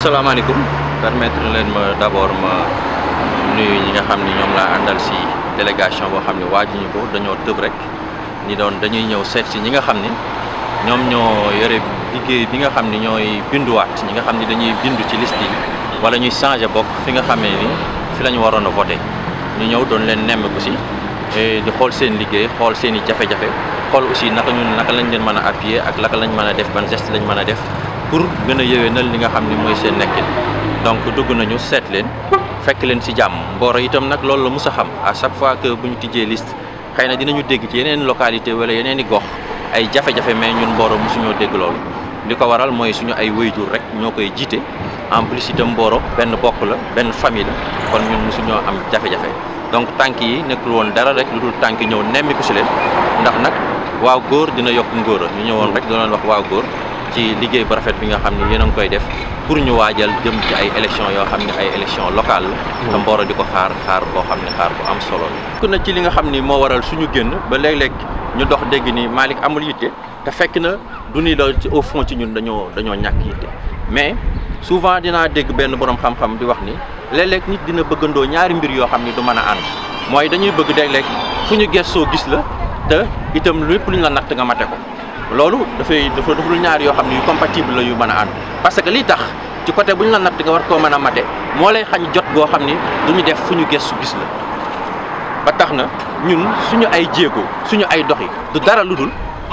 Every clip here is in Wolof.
salaamaaleykum permettre leen ma d' abord ma nuyu ñi nga xam ni ñoom andal àndal si délégation boo xam ne waajuñu ko dañoo tëb rek ni doon dañuy ñëw seet si ñi nga xam ni ñoom ñoo yore liggéey bi nga xam ni ñooy binduwaat ñi nga xam ni dañuy bindu ci liste yi wala ñuy changé bokk fi nga xamee ni fi la ñu waroon a voté ñu ñëw doon leen nemm ko si eh, di xool seen liggéey xool seen i jafe-jafe xool aussi naka ñun naka lañ leen mën appuyer ak naka lañ mën def ban geste lañ mën def pour gën a yëwénal li nga xam ni seen nekkin donc dugg nañu seet leen fekk leen si jàmm mbooro itam nak loolu la mus a xam à chaque fois que bu ñu tijjee liste xëy na dinañu dégg ci yeneen localité wala yeneen gox ay jafe-jafe mais ñun mbooro mosuñoo dégg loolu li ko waral mooy suñu ay wéyjur rek ñoo koy jiite en plus itam mbooro benn bokk la benn famille kon ñun am jafe-jafe donc tànk yi nekkul woon dara rek lu dul tànk ñëw nemmiku si leen ndax nag waaw góor dina ñu rek wax waaw ci liggéey bu rafet bi nga xam ne yéen a ngi koy def pour ñu waajal jëm ci ay élection yoo xam ay élection mm. xaar xaar xaar bu am solo la ku na ci li nga xam ni waral suñu génn ba léeg-léeg ñu dox dégg ni Malick amul yitte te fekk na du ni la au fond ci ñun dañoo dañoo mais souvent borom xam-xam di wax ni nit dina bëggandoo ñaari mbir yoo xam ni du mën a ànd mooy dañuy bëgg léeg-léeg fu gis la te itam nga ko loolu dafay dafa dul ñaar yoo xam ne yu compatible yu mën a ànd parce que lii tax ci côté bu ñu la natt nga war koo mën a mate moo lay xañ jot goo xam ni du ñu def fu ñu gëstu gis la ba tax na ñun suñu ay jéego suñu ay doxi du dara lu dul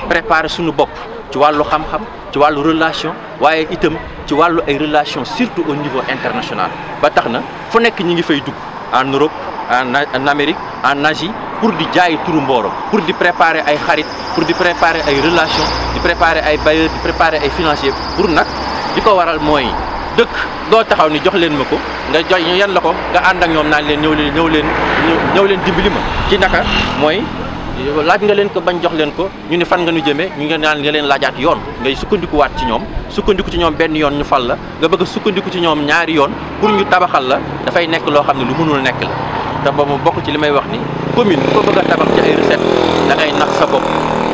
préparer suñu bopp ci wàllu xam-xam ci wàllu relation waaye itam ci wàllu ay relation surtout au niveau international ba tax na fu nekk ñi ngi fay dugg en Europe en Amérique en Asie pour di jaay turu Mboro pour di préparer ay xarit pour di préparer ay relation di préparer ay bailleur di préparer ay financier pour nak diko waral moy dëkk do taxaw ni jox leen mako nga jox ñu yan la ko nga and ak ñom naan leen ñew leen ñew leen ñew leen dimbali ma ci naka moy laaj nga leen ko bañ jox leen ko ñu ni fan nga ñu jëme ñu nga naan nga leen laajaat yoon ngay sukkandiku waat ci ñoom sukkandiku ci ñoom benn yoon ñu fal la nga bëgg sukkandiku ci ñoom ñaari yoon pour ñu tabaxal la dafay nekk loo xam lu mënul nekk la te boobu bokk ci li wax ni commune ko bëgg tabax ci ay recette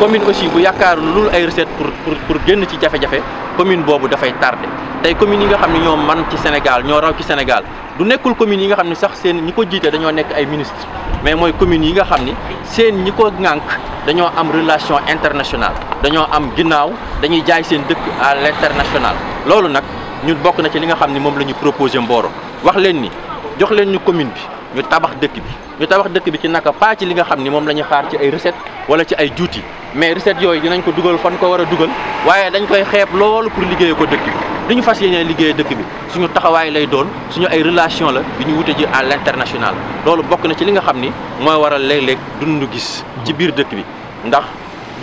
commune aussi bu yaakaar lul ay recette pour pour pour génn ci jafe-jafe commune boobu dafay tardé tey commune yi nga xam ne ñoo man ci Sénégal ñoo raw ci Sénégal du nekkul commune yi nga xam ni sax seen ñi ko jiite dañoo nekk ay ministre mais mooy commune yi nga xam ni seen ñi ko ŋànk dañoo am relation internationale dañoo am ginnaaw dañuy jaay seen dëkk à l'international loolu nag ñun bokk na ci li nga xam ni moom la ñu proposé Mboro wax leen ni jox leen ñu commune bi ñu tabax dëkk bi ñu tabax dëkk bi ci naka pas ci li nga xam ni moom la ñu xaar ci ay recette wala ci ay juuti mais recette yooyu dinañ ko dugal fan ko war a dugal waaye dañ koy xeeb loolu pour liggéeye ko dëkk bi li ñu fas yéene liggéeye dëkk bi suñu taxawaay lay doon suñu ay relation la bi ñu wute ji à l'international loolu bokk na ci li nga xam ni mooy waral léeg du dundu gis ci biir dëkk bi ndax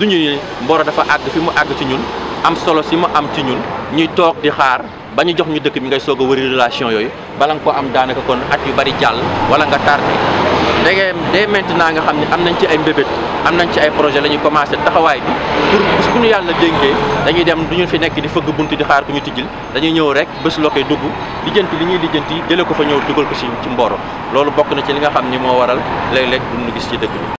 du duñu Mboro dafa àgg fi mu àgg ci ñun am solo si mu am ci ñun ñuy toog di xaar ba ñu jox ñu dëkk bi ngay soog a wëri relation yooyu bala nga ko am daanaka kon at yu bari jàll wala nga tardé dégg dès naa nga xam ne am nañ ci ay mbébét am nañ ci ay projet la ñuy commencé taxawaay bi pour bis bu ñu yàlla dénkee dañuy dem du ñu fi nekk di fëgg bunt di xaar ku ñu tijjil dañuy ñëw rek bés lokoy dugg lijjanti li ñuy yi jëlee ko fa ñëw dugal ko si ci mbooro loolu bokk na ci li nga xam ni moo waral lekk léeg nu gis ci dëkk bi